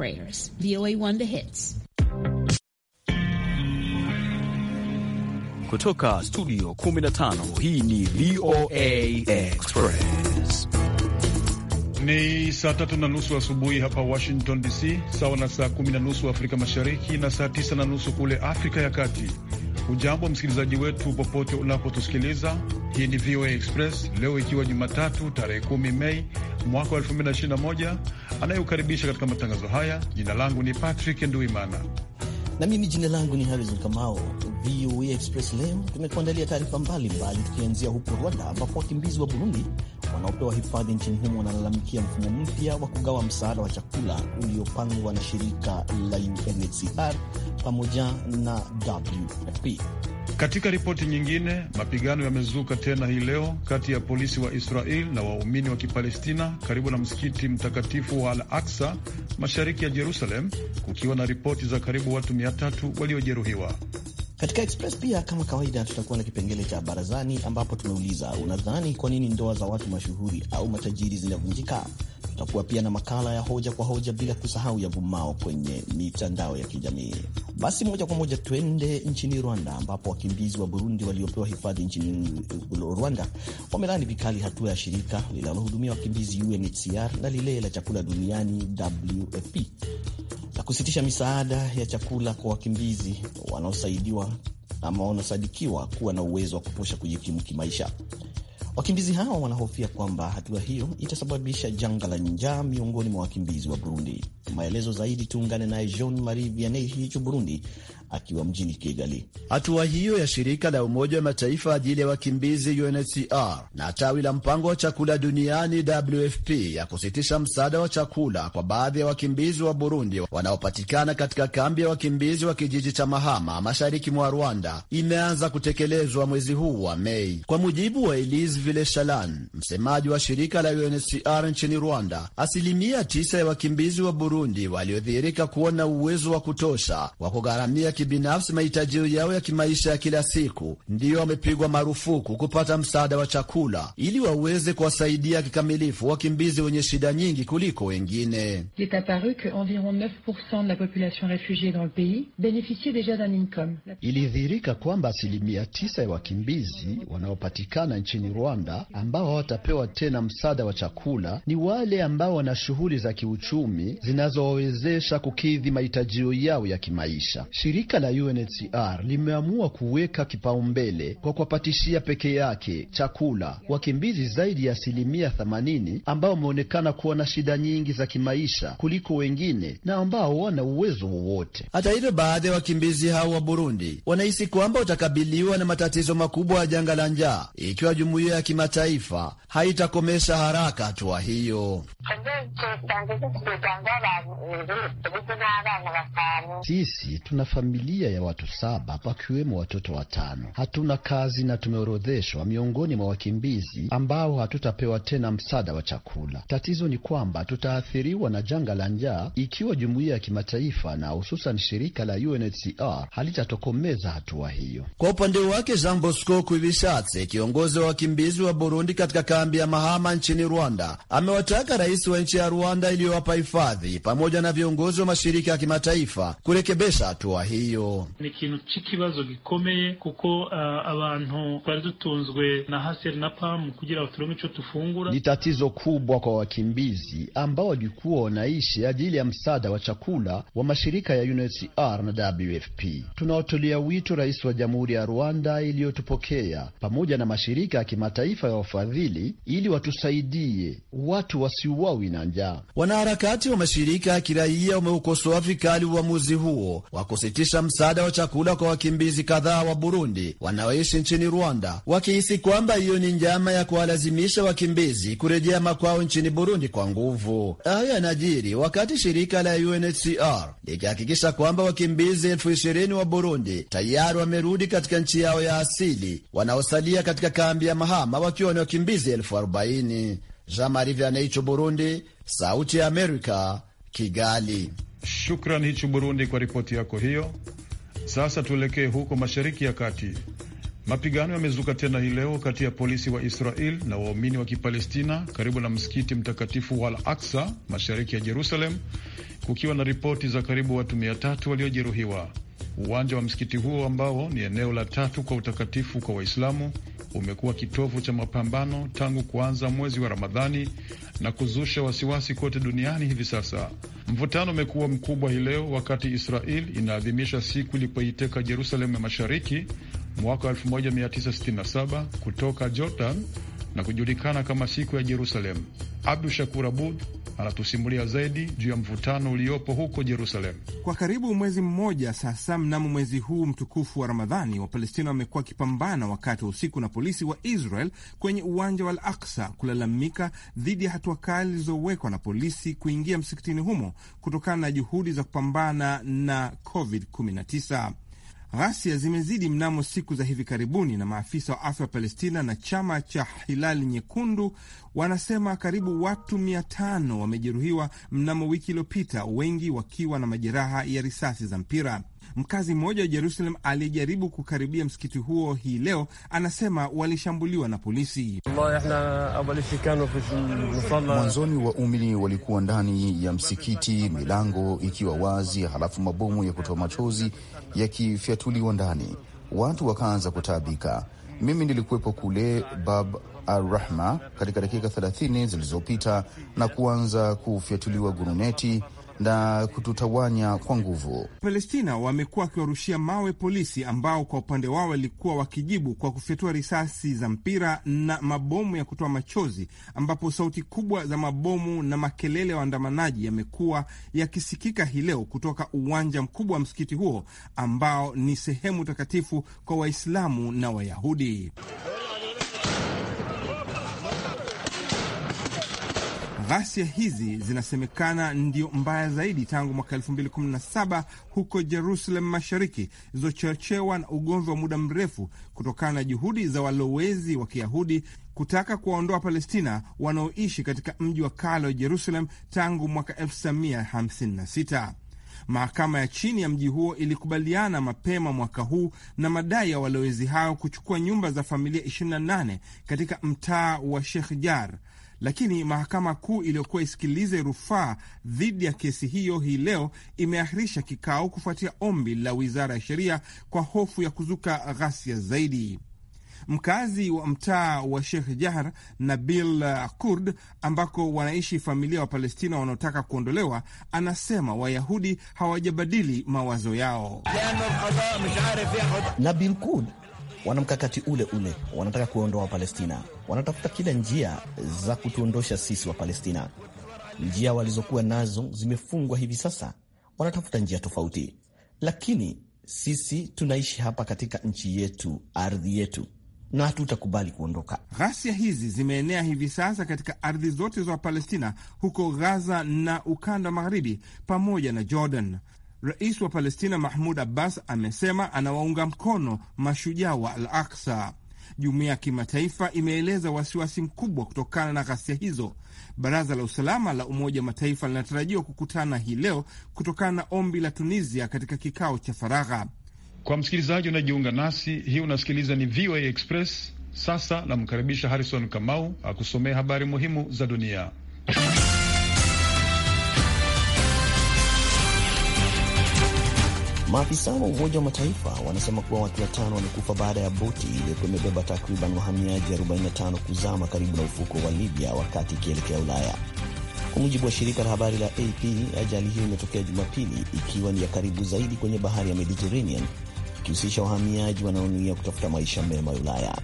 prayers. VOA1 the hits. Kutoka studio 15 hii ni VOA Express. Ni saa tatu na nusu asubuhi hapa Washington DC, sawa na saa kumi na nusu Afrika Mashariki na saa tisa na nusu kule Afrika ya Kati. Ujambo msikilizaji wetu popote unapotusikiliza. Hii ni VOA Express leo ikiwa Jumatatu tarehe 10 Mei mwaka wa 2021 anayeukaribisha katika matangazo haya. Jina langu ni Patrick Nduimana na mimi jina langu ni Harrison Kamao. VOA Express leo tumekuandalia taarifa mbalimbali, tukianzia huko Rwanda ambapo wakimbizi wa Burundi wanaopewa hifadhi nchini humo wanalalamikia mfumo mpya wa kugawa msaada wa chakula uliopangwa na shirika la UNHCR pamoja na WFP. Katika ripoti nyingine, mapigano yamezuka tena hii leo kati ya polisi wa Israel na waumini wa Kipalestina karibu na msikiti mtakatifu wa Al Aksa mashariki ya Jerusalem, kukiwa na ripoti za karibu watu mia tatu waliojeruhiwa. Katika Express pia kama kawaida, tutakuwa na kipengele cha barazani, ambapo tumeuliza unadhani kwa nini ndoa za watu mashuhuri au matajiri zinavunjika? Tutakuwa pia na makala ya hoja kwa hoja, bila kusahau ya vumao kwenye mitandao ya kijamii. Basi moja kwa moja tuende nchini Rwanda, ambapo wakimbizi wa Burundi waliopewa hifadhi nchini Rwanda wamelani vikali hatua ya shirika linalohudumia wakimbizi UNHCR na lile la chakula duniani WFP kusitisha misaada ya chakula kwa wakimbizi wanaosaidiwa ama wanaosadikiwa kuwa na uwezo wa kutosha kujikimu kimaisha. Wakimbizi hao wanahofia kwamba hatua hiyo itasababisha janga la njaa miongoni mwa wakimbizi wa Burundi. Maelezo zaidi tuungane naye Jean Marie Vianney hicho Burundi, akiwa mjini Kigali. Hatua hiyo ya shirika la Umoja wa Mataifa ajili ya wakimbizi UNHCR na tawi la mpango wa chakula duniani WFP ya kusitisha msaada wa chakula kwa baadhi ya wakimbizi wa Burundi wanaopatikana katika kambi ya wakimbizi wa kijiji cha Mahama mashariki mwa Rwanda imeanza kutekelezwa mwezi huu wa Mei, kwa mujibu wa Elise villeshalan msemaji wa shirika la UNHCR nchini Rwanda. Asilimia tisa ya wakimbizi wa Burundi waliodhihirika kuwa na uwezo wa kutosha wa kugharamia kibinafsi mahitaji yao ya kimaisha ya kila siku, ndiyo wamepigwa marufuku kupata msaada wa chakula ili waweze kuwasaidia kikamilifu wakimbizi wenye shida nyingi kuliko wengine. Ilidhihirika kwamba asilimia tisa ya wakimbizi wanaopatikana nchini Rwanda ambao hawatapewa tena msaada wa chakula ni wale ambao wana shughuli za kiuchumi zinazowawezesha kukidhi mahitajio yao ya kimaisha. Shirika shirika la UNHCR limeamua kuweka kipaumbele kwa kuwapatishia peke yake chakula wakimbizi zaidi ya asilimia 80 ambao wameonekana kuwa na shida nyingi za kimaisha kuliko wengine na ambao wana uwezo wowote. Hata hivyo, baadhi ya wakimbizi hao wa Burundi wanahisi kwamba watakabiliwa na matatizo makubwa ya janga la njaa ikiwa jumuiya ya kimataifa haitakomesha haraka hatua hiyo. Sisi tuna familia familia ya watu saba pakiwemo watoto watano. Hatuna kazi na tumeorodheshwa miongoni mwa wakimbizi ambao hatutapewa tena msaada wa chakula. Tatizo ni kwamba tutaathiriwa na janga la njaa ikiwa jumuiya ya kimataifa na hususan shirika la UNHCR halitatokomeza hatua hiyo. Kwa upande wake, Jean Bosco Kuivishatse, kiongozi wa wakimbizi wa Burundi katika kambi ya Mahama nchini Rwanda, amewataka rais wa nchi ya Rwanda iliyowapa hifadhi pamoja na viongozi wa mashirika ya kimataifa kurekebesha hatua hii hiyo. Ni kintu cy'ikibazo gikomeye kuko uh, abantu twari dutunzwe na haseri na pamu kugira baturonke ico tufungura. Ni tatizo kubwa kwa wakimbizi ambao walikuwa wanaishi ajili ya msaada wa chakula wa mashirika ya UNHCR na WFP. Tunaotolea wito rais wa Jamhuri ya Rwanda iliyotupokea pamoja na mashirika ya kimataifa ya wafadhili ili watusaidie watu wasiuawi na njaa. Wanaharakati wa mashirika ya kiraia wameukosoa vikali uamuzi huo wa kusitisha kufikisha msaada wa chakula kwa wakimbizi kadhaa wa Burundi wanaoishi nchini Rwanda, wakihisi kwamba hiyo ni njama ya kuwalazimisha wakimbizi kurejea makwao nchini Burundi kwa nguvu. Hayo yanajiri wakati shirika la UNHCR likihakikisha kwamba wakimbizi elfu ishirini wa Burundi tayari wamerudi katika nchi yao ya asili, wanaosalia katika kambi ya Mahama wakiwa ni wakimbizi elfu arobaini. Jean Marie Vianney, Burundi, Sauti ya Amerika, Kigali. Shukran Hichu Burundi kwa ripoti yako hiyo. Sasa tuelekee huko Mashariki ya Kati. Mapigano yamezuka tena hii leo kati ya polisi wa Israel na waumini wa Kipalestina karibu na msikiti mtakatifu wa Al Aksa mashariki ya Jerusalem, kukiwa na ripoti za karibu watu mia tatu waliojeruhiwa. Uwanja wa msikiti huo ambao ni eneo la tatu kwa utakatifu kwa Waislamu umekuwa kitovu cha mapambano tangu kuanza mwezi wa Ramadhani na kuzusha wasiwasi kote duniani hivi sasa. Mvutano umekuwa mkubwa hii leo wakati Israel inaadhimisha siku ilipoiteka Jerusalemu ya Mashariki mwaka 1967 kutoka Jordan na kujulikana kama siku ya Jerusalem. Abdu Shakur Abud anatusimulia zaidi juu ya mvutano uliopo huko Jerusalem. Kwa karibu mwezi mmoja sasa, mnamo mwezi huu mtukufu wa Ramadhani, Wapalestina wamekuwa wakipambana wakati wa usiku na polisi wa Israel kwenye uwanja wa Al Aksa kulalamika dhidi ya hatua kali zilizowekwa na polisi kuingia msikitini humo kutokana na juhudi za kupambana na COVID-19. Ghasia zimezidi mnamo siku za hivi karibuni, na maafisa wa afya wa Palestina na chama cha Hilali Nyekundu wanasema karibu watu mia tano wamejeruhiwa mnamo wiki iliyopita, wengi wakiwa na majeraha ya risasi za mpira. Mkazi mmoja wa Jerusalem aliyejaribu kukaribia msikiti huo hii leo anasema walishambuliwa na polisi. Mwanzoni waumini walikuwa ndani ya msikiti, milango ikiwa wazi, halafu mabomu ya kutoa machozi yakifyatuliwa ndani, watu wakaanza kutaabika. Mimi nilikuwepo kule Bab Arrahma katika dakika 30 zilizopita na kuanza kufyatuliwa guruneti na kututawanya kwa nguvu. Palestina wamekuwa wakiwarushia mawe polisi ambao kwa upande wao walikuwa wakijibu kwa kufyatua risasi za mpira na mabomu ya kutoa machozi, ambapo sauti kubwa za mabomu na makelele ya waandamanaji yamekuwa yakisikika hii leo kutoka uwanja mkubwa wa msikiti huo ambao ni sehemu takatifu kwa Waislamu na Wayahudi. Ghasia hizi zinasemekana ndio mbaya zaidi tangu mwaka 2017 huko Jerusalem Mashariki, zilizochochewa na ugomvi wa muda mrefu kutokana na juhudi za walowezi wa Kiyahudi kutaka kuwaondoa Palestina wanaoishi katika mji wa kale wa Jerusalem tangu mwaka 1956. Mahakama ya chini ya mji huo ilikubaliana mapema mwaka huu na madai ya walowezi hao kuchukua nyumba za familia 28 katika mtaa wa Sheikh Jar lakini mahakama kuu iliyokuwa isikilize rufaa dhidi ya kesi hiyo hii leo imeahirisha kikao kufuatia ombi la wizara ya sheria kwa hofu ya kuzuka ghasia zaidi. Mkazi wa mtaa wa Sheikh Jahar Nabil Kurd, ambako wanaishi familia wa Palestina wanaotaka kuondolewa, anasema Wayahudi hawajabadili mawazo yao. Nabil Kurd wana mkakati ule ule, wanataka kuondoa Wapalestina, wanatafuta kila njia za kutuondosha sisi Wapalestina. Njia walizokuwa nazo zimefungwa hivi sasa, wanatafuta njia tofauti, lakini sisi tunaishi hapa katika nchi yetu, ardhi yetu na hatutakubali kuondoka. Ghasia hizi zimeenea hivi sasa katika ardhi zote za wapalestina huko Gaza na ukanda wa Magharibi pamoja na Jordan. Rais wa Palestina Mahmud Abbas amesema anawaunga mkono mashujaa wa Al Aksa. Jumuiya ya kimataifa imeeleza wasiwasi mkubwa kutokana na ghasia hizo. Baraza la usalama la Umoja wa Mataifa linatarajiwa kukutana hii leo kutokana na ombi la Tunisia katika kikao cha faragha. Kwa msikilizaji unajiunga nasi hii, unasikiliza ni VOA Express. Sasa namkaribisha Harrison Kamau akusomea habari muhimu za dunia. Maafisa wa Umoja wa Mataifa wanasema kuwa watu watano wamekufa baada ya boti iliyokuwa imebeba takriban wahamiaji 45 kuzama karibu na ufuko wa Libya wakati ikielekea Ulaya. Kwa mujibu wa shirika la habari la AP, ajali hiyo imetokea Jumapili, ikiwa ni ya karibu zaidi kwenye bahari ya Mediterranean, ikihusisha wahamiaji wanaonuia kutafuta maisha mema Ulaya.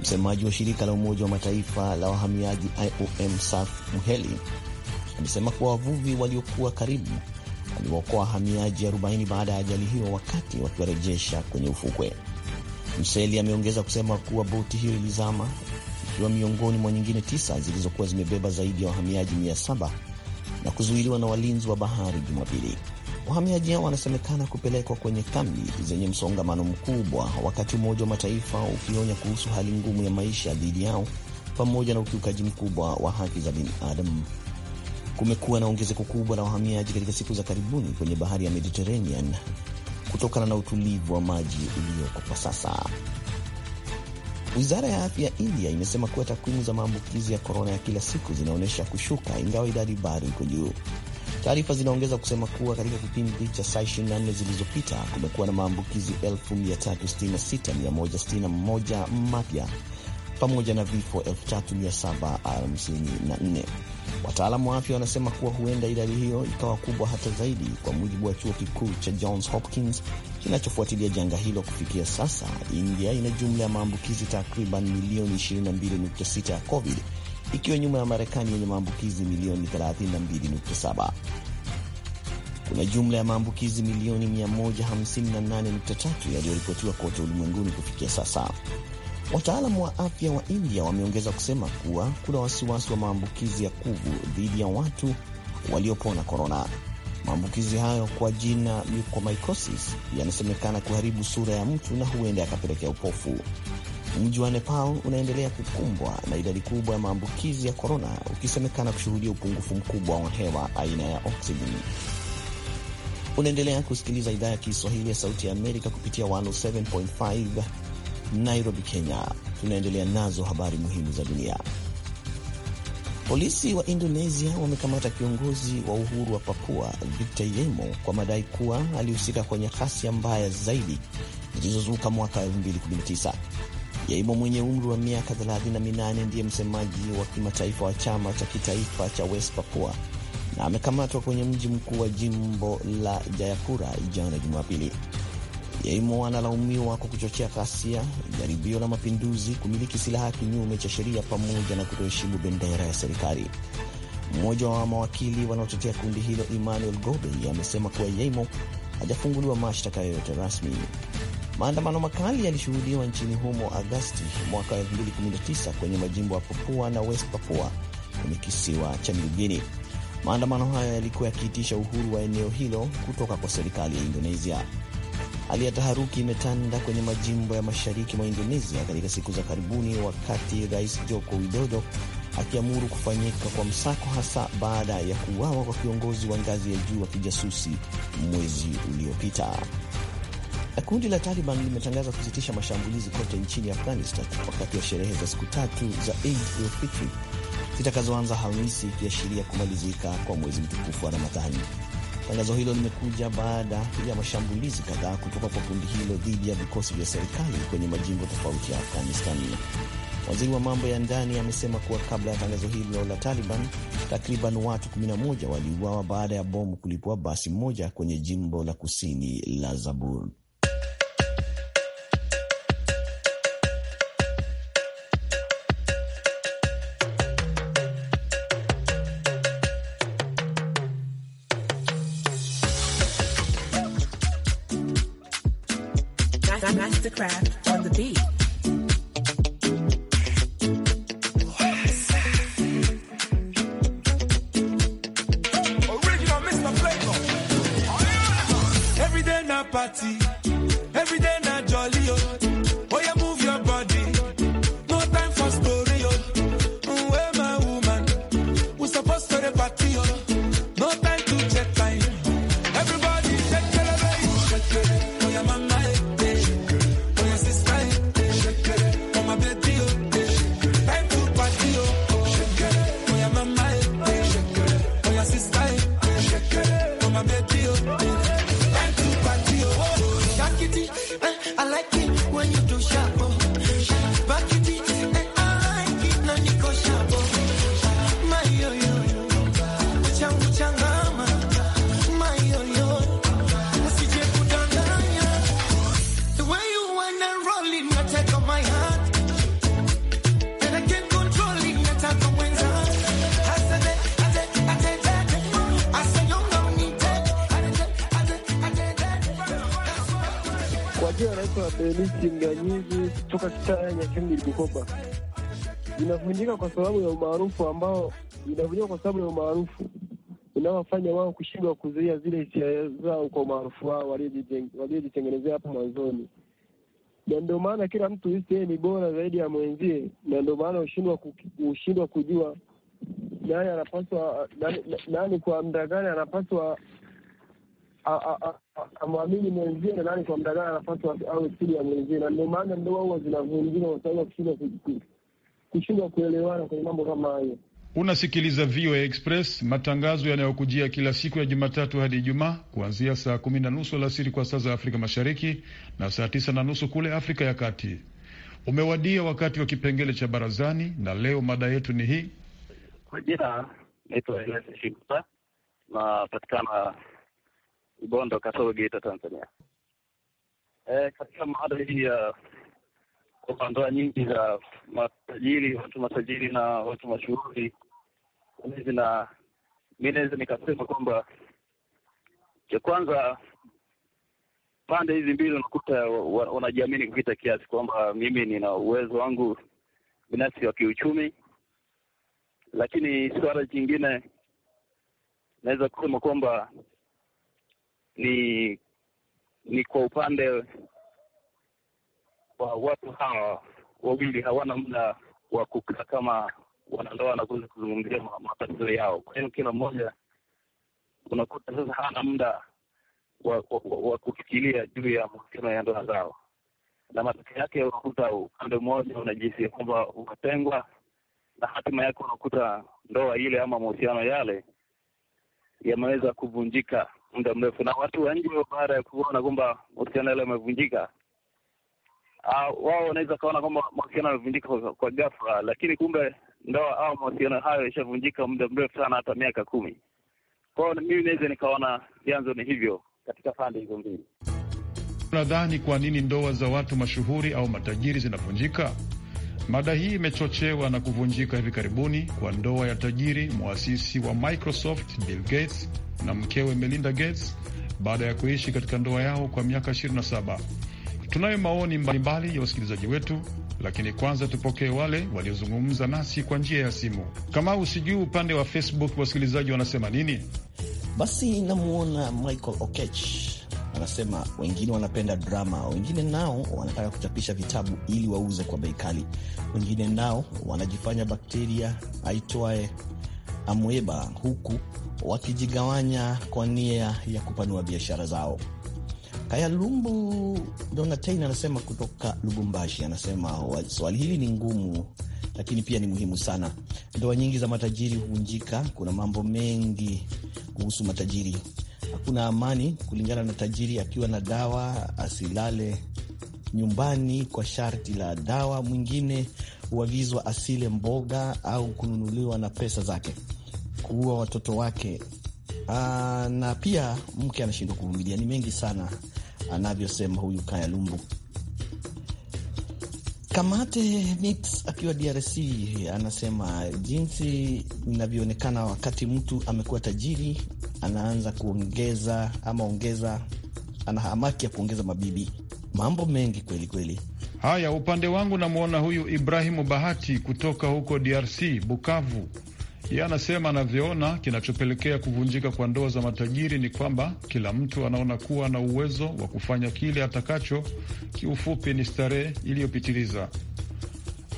Msemaji wa shirika la Umoja wa Mataifa la wahamiaji IOM Saf Muheli amesema kuwa wavuvi waliokuwa karibu aliwaokoa wahamiaji 40 baada ya ajali hiyo wakati wakiwarejesha kwenye ufukwe. Mseli ameongeza kusema kuwa boti hiyo ilizama ikiwa miongoni mwa nyingine tisa zilizokuwa zimebeba zaidi ya wahamiaji 700 na kuzuiliwa na walinzi wa bahari Jumapili. Wahamiaji hao wanasemekana kupelekwa kwenye kambi zenye msongamano mkubwa, wakati Umoja wa Mataifa ukionya kuhusu hali ngumu ya maisha dhidi yao pamoja na ukiukaji mkubwa wa haki za binadamu Kumekuwa na ongezeko kubwa la wahamiaji katika siku za karibuni kwenye bahari ya Mediterranean kutokana na utulivu wa maji ulioko kwa sasa. Wizara ya afya ya India imesema kuwa takwimu za maambukizi ya korona ya kila siku zinaonyesha kushuka, ingawa idadi bado iko juu. Taarifa zinaongeza kusema kuwa katika kipindi cha saa 24 zilizopita kumekuwa na maambukizi 366161 mapya pamoja na vifo 3754. Wataalamu wa afya wanasema kuwa huenda idadi hiyo ikawa kubwa hata zaidi, kwa mujibu wa chuo kikuu cha Johns Hopkins kinachofuatilia janga hilo. Kufikia sasa, India ina jumla ya maambukizi takriban milioni 22.6 ya COVID, ikiwa nyuma ya Marekani yenye maambukizi milioni 32.7. Kuna jumla ya maambukizi milioni 158.3 yaliyoripotiwa kote ulimwenguni kufikia sasa. Wataalamu wa afya wa India wameongeza kusema kuwa kuna wasiwasi wa maambukizi ya kuvu dhidi ya watu waliopona korona. Maambukizi hayo kwa jina mucormycosis yanasemekana kuharibu sura ya mtu na huenda yakapelekea upofu. Mji wa Nepal unaendelea kukumbwa na idadi kubwa ya maambukizi ya korona, ukisemekana kushuhudia upungufu mkubwa wa hewa aina ya oksijeni. Unaendelea kusikiliza idhaa ya Kiswahili ya Sauti ya Amerika kupitia 107.5 Nairobi, Kenya. Tunaendelea nazo habari muhimu za dunia. Polisi wa Indonesia wamekamata kiongozi wa uhuru wa Papua Victor Yemo kwa madai kuwa alihusika kwenye ghasia mbaya zaidi zilizozuka mwaka 2019. yeimo mwenye umri wa miaka 38 ndiye msemaji wa kimataifa wa chama cha kitaifa cha West Papua na amekamatwa kwenye mji mkuu wa jimbo la Jayapura jana Jumapili. Yaimo analaumiwa kwa kuchochea ghasia, jaribio la mapinduzi, kumiliki silaha kinyume cha sheria, pamoja na kutoheshimu bendera ya serikali. Mmoja wa mawakili wanaotetea kundi hilo Emmanuel Gobe amesema kuwa Yaimo hajafunguliwa mashtaka yoyote rasmi. Maandamano makali yalishuhudiwa nchini humo Agasti mwaka 2019 kwenye majimbo ya Papua na West Papua kwenye kisiwa cha Miugini. Maandamano hayo yalikuwa yakiitisha uhuru wa eneo hilo kutoka kwa serikali ya Indonesia. Hali ya taharuki imetanda kwenye majimbo ya mashariki mwa Indonesia katika siku za karibuni, wakati Rais Joko Widodo akiamuru kufanyika kwa msako, hasa baada ya kuuawa kwa kiongozi wa ngazi ya juu wa kijasusi mwezi uliopita. Na kundi la Taliban limetangaza kusitisha mashambulizi kote nchini Afghanistan wakati wa sherehe za siku tatu za Eid al-Fitr zitakazoanza Hamisi, ikiashiria kumalizika kwa mwezi mtukufu wa Ramadhani. Tangazo hilo limekuja baada ya mashambulizi kadhaa kutoka kwa kundi hilo dhidi ya vikosi vya serikali kwenye majimbo tofauti ya Afghanistani. Waziri wa mambo ya ndani amesema kuwa kabla ya tangazo hilo la Taliban, takriban watu 11 waliuawa baada ya bomu kulipua basi moja kwenye jimbo la kusini la Zabul. naitwa Felix Mganyiji kutoka kitaya Nyakyundi Bukoba. Inavunjika kwa sababu ya umaarufu ambao inavunjika kwa sababu ya umaarufu inawafanya wao kushindwa kuzuia zile hisia zao kwa umaarufu wao waliojitengenezea hapo mwanzoni, na ndio maana kila mtu hisi yeye ni bora zaidi ya mwenzie, na ndio maana hushindwa kujua nani anapaswa nani, nani kwa muda gani anapaswa amwamini mwenzie na nani kwa muda gani anapaswa au siri ya mwenzie, na ndio maana ndoa huwa zinavunjika kwa sababu kushindwa kushindwa kuelewana kwenye mambo kama hayo. Unasikiliza VOA Express, matangazo yanayokujia kila siku ya Jumatatu hadi Ijumaa kuanzia saa kumi na nusu alasiri kwa saa za Afrika Mashariki na saa tisa na nusu kule Afrika ya Kati. Umewadia wakati wa kipengele cha barazani, na leo mada yetu ni hii. Kwa jina naitwa Enes Shikuta, napatikana Ugondo, Kasoro, Geita, Tanzania. Eh, katika mada hii ya kwamba nyingi za matajiri, watu matajiri na watu mashuhuri, na mi naweza nikasema kwamba cha kwanza pande hizi mbili unakuta wanajiamini kupita kiasi, kwamba mimi nina uwezo wangu binafsi wa kiuchumi. Lakini suala jingine naweza kusema kwamba ni ni kwa upande wa watu hawa wawili hawana muda wa kukaa kama wanandoa na kuweza kuzungumzia matatizo yao. Kwa hiyo kila mmoja unakuta sasa hana muda wa, wa, wa, wa kufikiria juu ya mahusiano ya ndoa zao, na matokeo yake unakuta upande mmoja unajisikia kwamba umetengwa, na hatima yake unakuta ndoa ile ama mahusiano yale yameweza kuvunjika muda mrefu, na watu wa nje baada ya kuona kwamba mahusiano yale yamevunjika, uh, wao wanaweza kaona kwamba mahusiano yamevunjika kwa, kwa ghafla, lakini kumbe ndoa au mahusiano hayo yashavunjika muda mrefu sana, hata miaka kumi. kwao mimi naweza nikaona vyanzo ni hivyo katika pande hizo mbili. Unadhani kwa nini ndoa za watu mashuhuri au matajiri zinavunjika? Mada hii imechochewa na kuvunjika hivi karibuni kwa ndoa ya tajiri mwasisi wa Microsoft Bill Gates na mkewe Melinda Gates baada ya kuishi katika ndoa yao kwa miaka 27. Tunayo maoni mbalimbali ya wasikilizaji wetu, lakini kwanza tupokee wale waliozungumza nasi kwa njia ya simu. Kama usijui upande wa Facebook wasikilizaji wanasema nini, basi namwona Michael Okech anasema wengine wanapenda drama, wengine nao wanataka kuchapisha vitabu ili wauze kwa bei kali, wengine nao wanajifanya bakteria aitwaye amweba, huku wakijigawanya kwa nia ya kupanua biashara zao. Kayalumbu Donatein anasema kutoka Lubumbashi, anasema swali hili ni ngumu lakini pia ni muhimu sana. Ndoa nyingi za matajiri huvunjika. Kuna mambo mengi kuhusu matajiri hakuna amani, kulingana na tajiri akiwa na dawa asilale nyumbani kwa sharti la dawa, mwingine huagizwa asile mboga au kununuliwa na pesa zake, kuua watoto wake. Aa, ah, na pia mke anashindwa kuvumilia. Ni mengi sana anavyosema huyu Kaya Lumbu. Kamate Mix akiwa DRC anasema jinsi inavyoonekana wakati mtu amekuwa tajiri anaanza kuongeza ama ongeza, ana hamaki ya kuongeza mabibi, mambo mengi kweli kweli. Haya, upande wangu namwona huyu Ibrahimu Bahati kutoka huko DRC Bukavu. Yeye anasema anavyoona kinachopelekea kuvunjika kwa ndoa za matajiri ni kwamba kila mtu anaona kuwa na uwezo wa kufanya kile atakacho. Kiufupi ni starehe iliyopitiliza.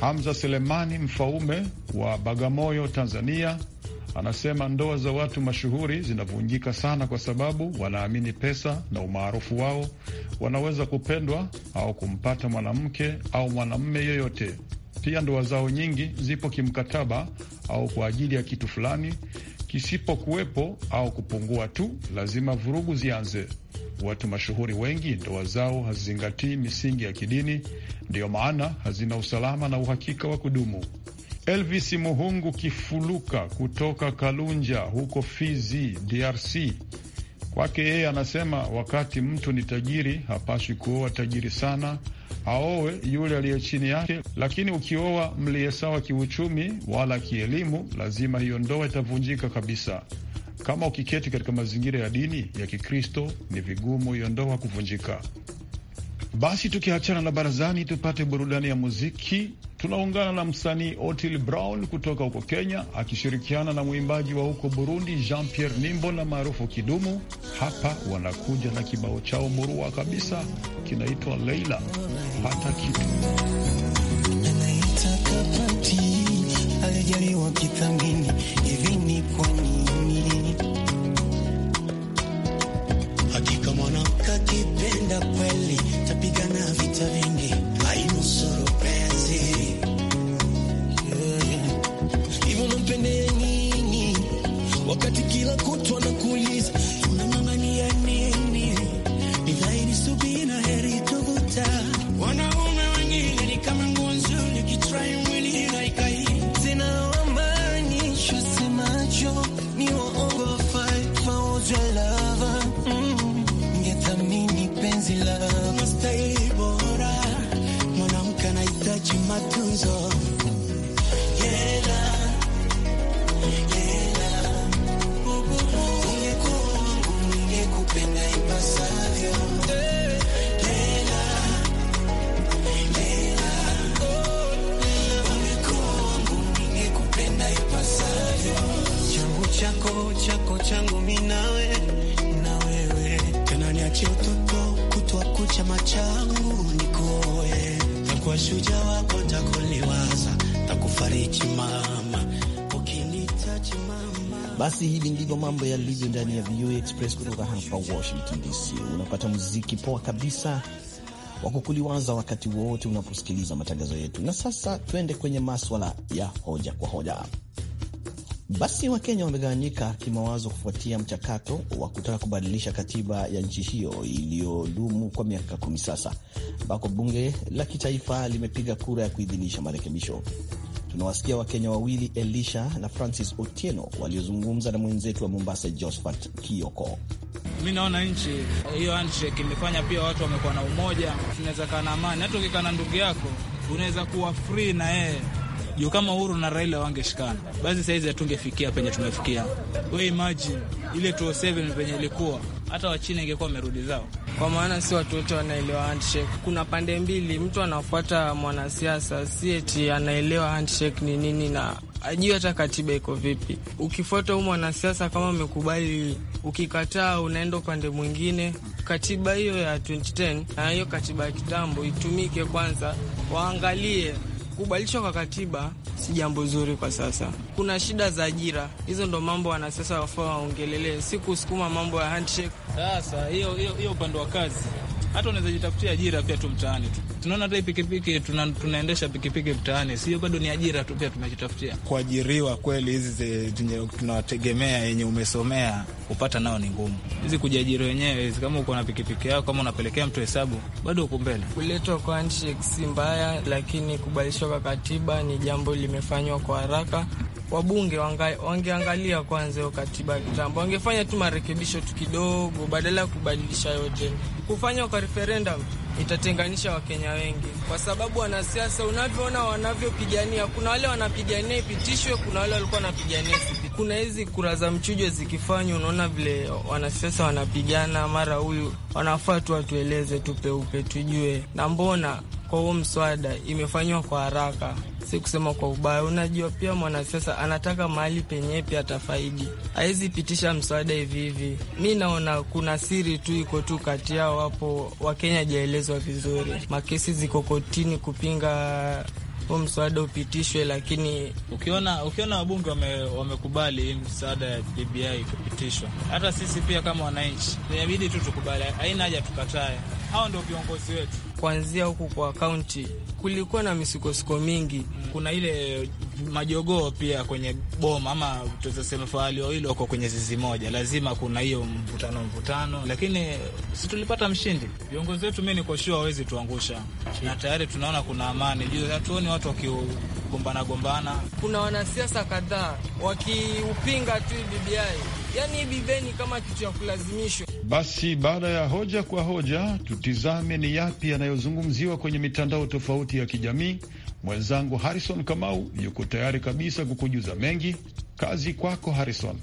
Hamza Selemani Mfaume wa Bagamoyo, Tanzania, Anasema ndoa za watu mashuhuri zinavunjika sana kwa sababu wanaamini pesa na umaarufu wao wanaweza kupendwa au kumpata mwanamke au mwanamume yoyote. Pia ndoa zao nyingi zipo kimkataba au kwa ajili ya kitu fulani kisipokuwepo au kupungua tu, lazima vurugu zianze. Watu mashuhuri wengi ndoa zao hazizingatii misingi ya kidini, ndiyo maana hazina usalama na uhakika wa kudumu. Elvis Muhungu Kifuluka kutoka Kalunja huko Fizi, DRC. Kwake yeye anasema wakati mtu ni tajiri hapaswi kuoa tajiri sana, aowe yule aliye chini yake, lakini ukioa mliye sawa kiuchumi wala kielimu, lazima hiyo ndoa itavunjika kabisa. Kama ukiketi katika mazingira ya dini ya Kikristo, ni vigumu hiyo ndoa kuvunjika. Basi tukiachana na barazani, tupate burudani ya muziki. Tunaungana na msanii Otil Brown kutoka huko Kenya akishirikiana na mwimbaji wa huko Burundi Jean Pierre Nimbo na maarufu Kidumu. Hapa wanakuja na kibao chao murua kabisa, kinaitwa Leila. Pata kitu anaita kapati, alijaliwa kitambini hivi ni kwa changu mi nawe na wewe tena, niachie utoto kutwa kucha machangu nikoe, takuwa shuja wako, takuliwaza, takufariji mama basi hivi ndivyo mambo yalivyo ndani ya VOA Express kutoka hapa Washington DC. Unapata muziki poa kabisa wa kukuliwaza wakati wote unaposikiliza matangazo yetu. Na sasa tuende kwenye maswala ya hoja kwa hoja. Basi Wakenya wamegawanyika kimawazo kufuatia mchakato wa kutaka kubadilisha katiba ya nchi hiyo iliyodumu kwa miaka kumi sasa, ambako bunge la kitaifa limepiga kura ya kuidhinisha marekebisho. Tunawasikia Wakenya wawili Elisha na Francis Otieno waliozungumza na mwenzetu wa Mombasa, Josphat Kioko. Mi naona nchi hiyo handshake imefanya pia watu wamekuwa na umoja, tunaweza kaa na amani. Hata ukikaa na ndugu yako unaweza kuwa free na yeye juu kama Uhuru na Raila wangeshikana, basi sahizi hatungefikia penye tumefikia. We imagine ile 2007 penye ilikuwa hata Wachina ingekuwa wamerudi zao, kwa maana si watu wote wanaelewa handshake. Kuna pande mbili, mtu anafuata mwanasiasa si eti anaelewa handshake ni nini na ajui hata katiba iko vipi. Ukifuata huu mwanasiasa kama umekubali, ukikataa unaenda upande mwingine. Katiba hiyo ya 2010 na hiyo katiba ya kitambo itumike kwanza, waangalie kubadilishwa kwa katiba si jambo zuri kwa sasa. Kuna shida za ajira, hizo ndo mambo wanasiasa wafaa waongelelee, si kusukuma mambo ya handshake. Sasa hiyo hiyo upande wa kazi hata unaweza jitafutia ajira pia tu mtaani tu. Tunaona hata pikipiki tuna, tunaendesha pikipiki mtaani, sio bado ni ajira tu pia tumejitafutia. Kuajiriwa kweli hizi tunawategemea yenye umesomea kupata nao ni ngumu. Hizi kujiajiri wenyewe hizi, kama uko na pikipiki yao kama unapelekea mtu hesabu, bado uko mbele. Kuletwa kwa nchi si mbaya, lakini kubalishwa kwa katiba ni jambo limefanywa kwa haraka wabunge wangeangalia kwanza hiyo katiba kitambo, wangefanya tu marekebisho tu kidogo, badala ya kubadilisha yote. kufanywa kwa referendum itatenganisha Wakenya wengi, kwa sababu wanasiasa, unavyoona wanavyopigania, kuna wale wanapigania ipitishwe, kuna wale walikuwa wanapigania kuna hizi kura za mchujo zikifanywa, unaona vile wanasiasa wanapigana, mara huyu wanafaa tu watueleze tupeupe tujue, na mbona kwa huo mswada imefanywa kwa haraka, si kusema kwa ubaya. Unajua pia mwanasiasa anataka mahali penyewe pia atafaidi, awezi pitisha mswada hivi hivi. Mi naona kuna siri tu iko tu kati yao hapo. Wakenya hajaelezwa vizuri, makesi ziko kotini kupinga huu mswada upitishwe, lakini ukiona ukiona wabunge wamekubali hii msaada ya BBI kupitishwa, hata sisi pia kama wananchi inabidi tu tukubali, haina haja tukatae hao ndio viongozi wetu. Kuanzia huku kwa kaunti kulikuwa na misukosuko mingi, kuna ile majogoo pia kwenye boma ama tutasema fahali wawili wako kwenye zizi moja, lazima kuna hiyo mvutano mvutano, lakini si tulipata mshindi. Viongozi wetu, mi niko shua hawezi tuangusha, na tayari tunaona kuna amani juu, hatuoni watu wakiu kugombana gombana. Kuna wanasiasa kadhaa wakiupinga tu BBI, yaani bibeni kama kitu cha kulazimishwa. Basi baada ya hoja kwa hoja, tutizame ni yapi yanayozungumziwa kwenye mitandao tofauti ya kijamii. Mwenzangu Harrison Kamau yuko tayari kabisa kukujuza mengi. Kazi kwako Harrison.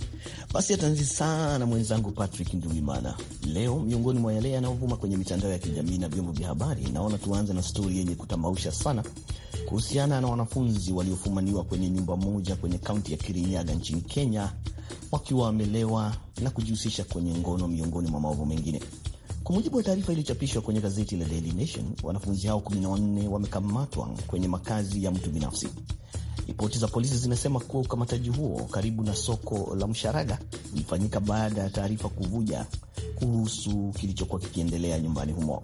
Basi atanzi sana mwenzangu Patrick Nduimana. Leo miongoni mwa yale yanayovuma kwenye mitandao ya kijamii na vyombo vya habari, naona tuanze na stori yenye kutamausha sana kuhusiana na wanafunzi waliofumaniwa kwenye nyumba moja kwenye kaunti ya Kirinyaga nchini Kenya wakiwa wamelewa na kujihusisha kwenye ngono miongoni mwa maovu mengine. Kwa mujibu wa taarifa iliyochapishwa kwenye gazeti la Daily Nation, wanafunzi hao 14 wamekamatwa kwenye makazi ya mtu binafsi. Ripoti za polisi zinasema kuwa ukamataji huo karibu na soko la Msharaga ulifanyika baada ya taarifa kuvuja kuhusu kilichokuwa kikiendelea nyumbani humo.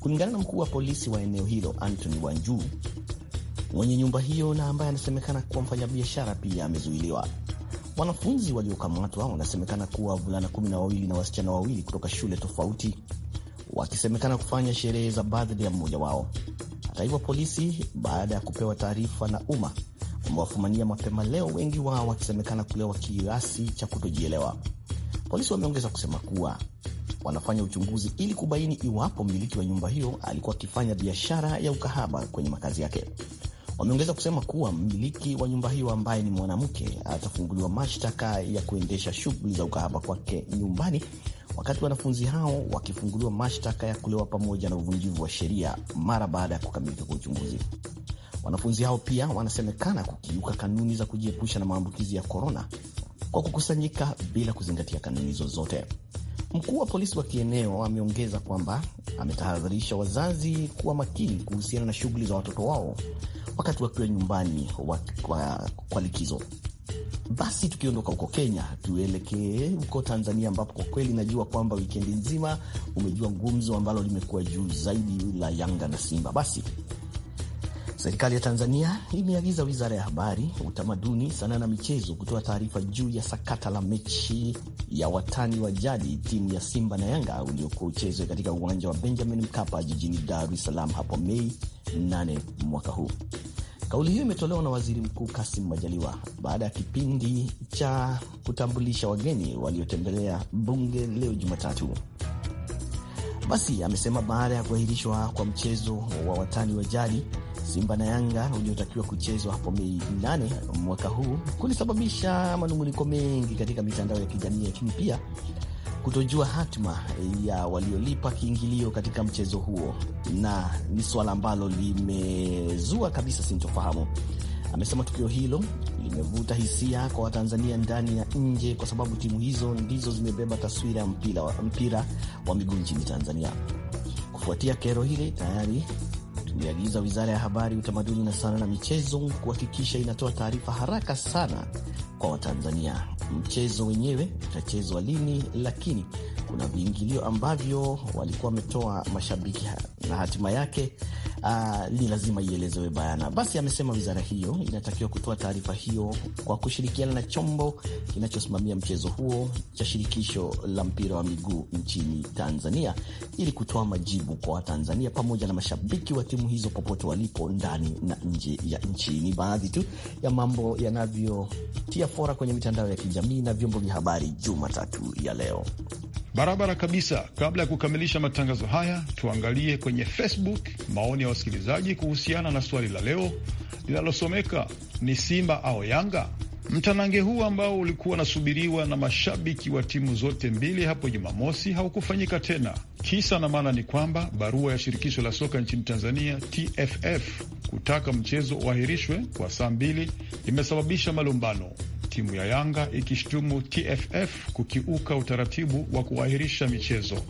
Kulingana na mkuu wa polisi wa eneo hilo Anthony Wanjuu, mwenye nyumba hiyo na ambaye anasemekana kuwa mfanyabiashara pia amezuiliwa. Wanafunzi waliokamatwa wanasemekana kuwa wavulana kumi na wawili na wasichana wawili kutoka shule tofauti, wakisemekana kufanya sherehe za birthday ya mmoja wao. Hata hivyo, polisi baada ya kupewa taarifa na umma wamewafumania mapema leo, wengi wao wakisemekana kulewa kiasi cha kutojielewa. Polisi wameongeza kusema kuwa wanafanya uchunguzi ili kubaini iwapo mmiliki wa nyumba hiyo alikuwa akifanya biashara ya ukahaba kwenye makazi yake. Wameongeza kusema kuwa mmiliki wa nyumba hiyo ambaye ni mwanamke atafunguliwa mashtaka ya kuendesha shughuli za ukahaba kwake nyumbani, wakati wanafunzi hao wakifunguliwa mashtaka ya kulewa pamoja na uvunjivu wa sheria mara baada ya kukamilika kwa uchunguzi. Wanafunzi hao pia wanasemekana kukiuka kanuni za kujiepusha na maambukizi ya korona kwa kukusanyika bila kuzingatia kanuni zozote. Mkuu wa polisi wa kieneo ameongeza kwamba ametahadharisha wazazi kuwa makini kuhusiana na shughuli za watoto wao wakati wakiwa nyumbani wa, wa, kwa likizo. Basi tukiondoka huko Kenya, tuelekee huko Tanzania, ambapo kwa kweli najua kwamba wikendi nzima umejua gumzo ambalo limekuwa juu zaidi la Yanga na Simba. Basi Serikali ya Tanzania imeagiza wizara ya habari, utamaduni, sanaa na michezo kutoa taarifa juu ya sakata la mechi ya watani wa jadi timu ya Simba na Yanga uliokuwa uchezwe katika uwanja wa Benjamin Mkapa jijini Dar es Salaam hapo Mei 8 mwaka huu. Kauli hiyo imetolewa na Waziri Mkuu Kasim Majaliwa baada ya kipindi cha kutambulisha wageni waliotembelea bunge leo Jumatatu. Basi amesema baada ya kuahirishwa kwa mchezo wa watani wa jadi Simba na Yanga uliotakiwa kuchezwa hapo Mei 8 mwaka huu kulisababisha manunguniko mengi katika mitandao ya kijamii, lakini pia kutojua hatima ya waliolipa kiingilio katika mchezo huo, na ni suala ambalo limezua kabisa sintofahamu. Amesema tukio hilo limevuta hisia kwa Watanzania ndani ya nje, kwa sababu timu hizo ndizo zimebeba taswira ya mpira wa, mpira wa miguu nchini Tanzania. Kufuatia kero hili, tayari iliagiza Wizara ya Habari, Utamaduni na Sanaa na Michezo kuhakikisha inatoa taarifa haraka sana kwa Watanzania. Mchezo wenyewe utachezwa lini, lakini kuna viingilio ambavyo walikuwa wametoa mashabiki na hatima yake uh, ni lazima ielezewe bayana. Basi amesema wizara hiyo inatakiwa kutoa taarifa hiyo kwa kushirikiana na chombo kinachosimamia mchezo huo cha shirikisho la mpira wa miguu nchini Tanzania ili kutoa majibu kwa Watanzania pamoja na mashabiki wa timu hizo popote walipo ndani na nje ya nchi. Ni baadhi tu ya mambo yanavyotia fora kwenye mitandao ya kijamii na vyombo vya habari Jumatatu ya leo. Barabara kabisa. Kabla ya kukamilisha matangazo haya, tuangalie kwenye Facebook maoni ya wasikilizaji kuhusiana na swali la leo linalosomeka ni Simba au Yanga. Mtanange huu ambao ulikuwa unasubiriwa na mashabiki wa timu zote mbili hapo Jumamosi haukufanyika tena. Kisa na maana ni kwamba barua ya shirikisho la soka nchini Tanzania, TFF, kutaka mchezo uahirishwe kwa saa mbili imesababisha malumbano, timu ya Yanga ikishtumu TFF kukiuka utaratibu wa kuahirisha michezo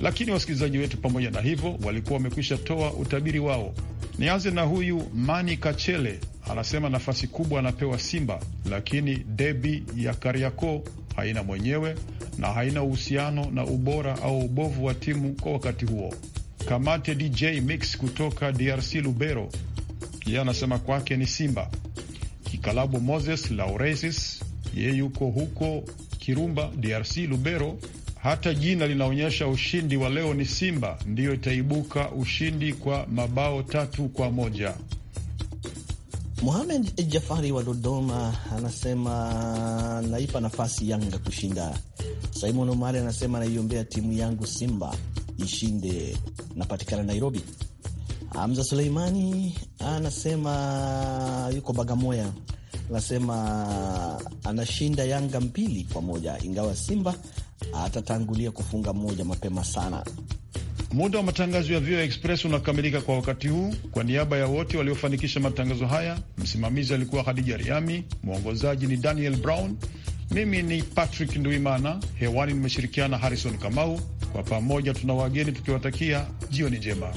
lakini wasikilizaji wetu, pamoja na hivyo, walikuwa wamekwisha toa utabiri wao. Nianze na huyu Mani Kachele, anasema nafasi kubwa anapewa Simba, lakini debi ya Kariakoo haina mwenyewe na haina uhusiano na ubora au ubovu wa timu kwa wakati huo. Kamate DJ Mix kutoka DRC Lubero, yeye anasema kwake ni Simba. Kikalabu Moses Lauresis, yeye yuko huko Kirumba, DRC Lubero, hata jina linaonyesha ushindi wa leo ni Simba ndiyo itaibuka ushindi kwa mabao tatu kwa moja. Mohamed Jafari wa Dodoma anasema naipa nafasi Yanga kushinda. Simon Omari anasema naiombea timu yangu Simba ishinde. Napatikana Nairobi. Hamza Suleimani anasema yuko Bagamoya anasema anashinda Yanga mbili kwa moja ingawa Simba atatangulia kufunga moja mapema sana. Muda wa matangazo ya VOA Express unakamilika kwa wakati huu. Kwa niaba ya wote waliofanikisha matangazo haya, msimamizi alikuwa Hadija Riami, mwongozaji ni Daniel Brown, mimi ni Patrick Nduimana, hewani nimeshirikiana Harrison Kamau. Kwa pamoja tuna wageni tukiwatakia jioni njema.